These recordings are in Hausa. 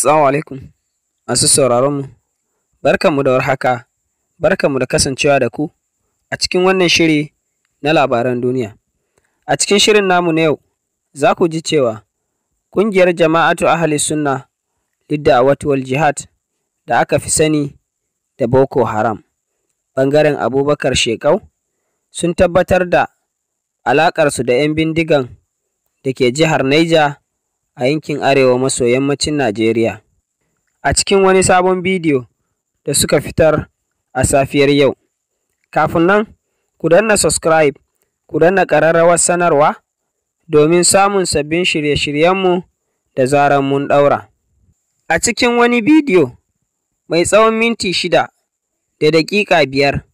Assalamu alaikum, masu sauraronmu, barkanmu da warhaka, barkanmu da kasancewa da ku a cikin wannan shiri na labaran duniya. A cikin shirin namu na yau, za ku ji cewa ƙungiyar jama'atu ahali sunna lidda wal jihad da aka fi sani da Boko Haram, ɓangaren Abubakar Shekau sun tabbatar da alaƙarsu da 'yan bindigan da ke jihar Niger a yankin arewa maso yammacin Najeriya. A cikin wani sabon bidiyo da suka fitar a safiyar yau. Kafin nan, ku danna subscribe, ku danna ƙararrawar sanarwa domin samun sabbin shirye-shiryenmu da zarar mun ɗaura. A cikin wani bidiyo mai tsawon minti shida da daƙiƙa biyar,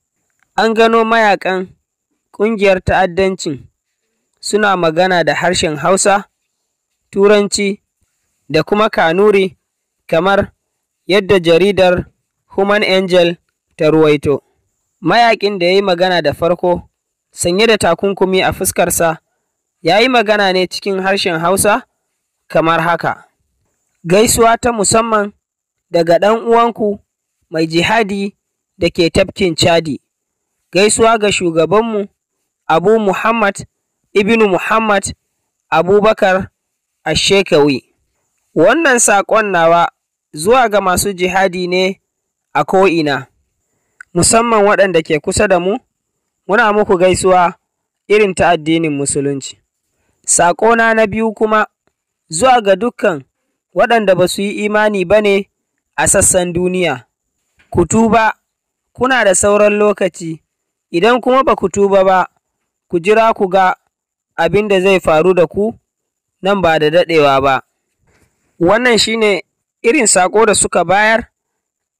an gano mayakan ƙungiyar ta'addancin suna magana da harshen Hausa. Turanci da kuma Kanuri kamar yadda jaridar Human Angel ta ruwaito. Mayaƙin da ya yi magana da farko, sanye da takunkumi a fuskarsa, ya yi magana ne cikin harshen Hausa kamar haka. Gaisuwa ta musamman daga ɗan uwanku mai jihadi da ke tafkin Chadi. Gaisuwa ga shugabanmu Abu Muhammad Ibnu Muhammad Abubakar Ash-Shekawi. Wannan saƙon nawa zuwa ga masu jihadi ne a ko'ina, musamman waɗanda ke kusa da mu, muna muku gaisuwa irin ta addinin Musulunci. Saƙona na biyu kuma zuwa ga dukkan waɗanda ba su yi imani ba ne a sassan duniya, ku tuba, kuna da sauran lokaci, idan kuma ba ku tuba ba, ku jira ku ga abin da zai faru da ku. nan ba da daɗewa ba. Wannan shi ne irin sako da suka bayar,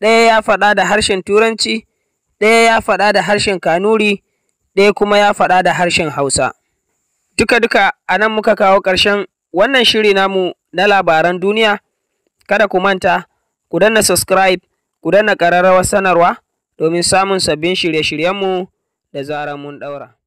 ɗaya ya faɗa da harshen Turanci, ɗaya ya faɗa da harshen Kanuri, ɗaya kuma ya faɗa da harshen Hausa. Duka-duka a nan muka kawo ƙarshen wannan shiri namu na labaran duniya. Kada ku manta, ku danna subscribe, ku danna ƙararrawar sanarwa domin samun sabbin shirye-shiryenmu da zarar mun ɗaura.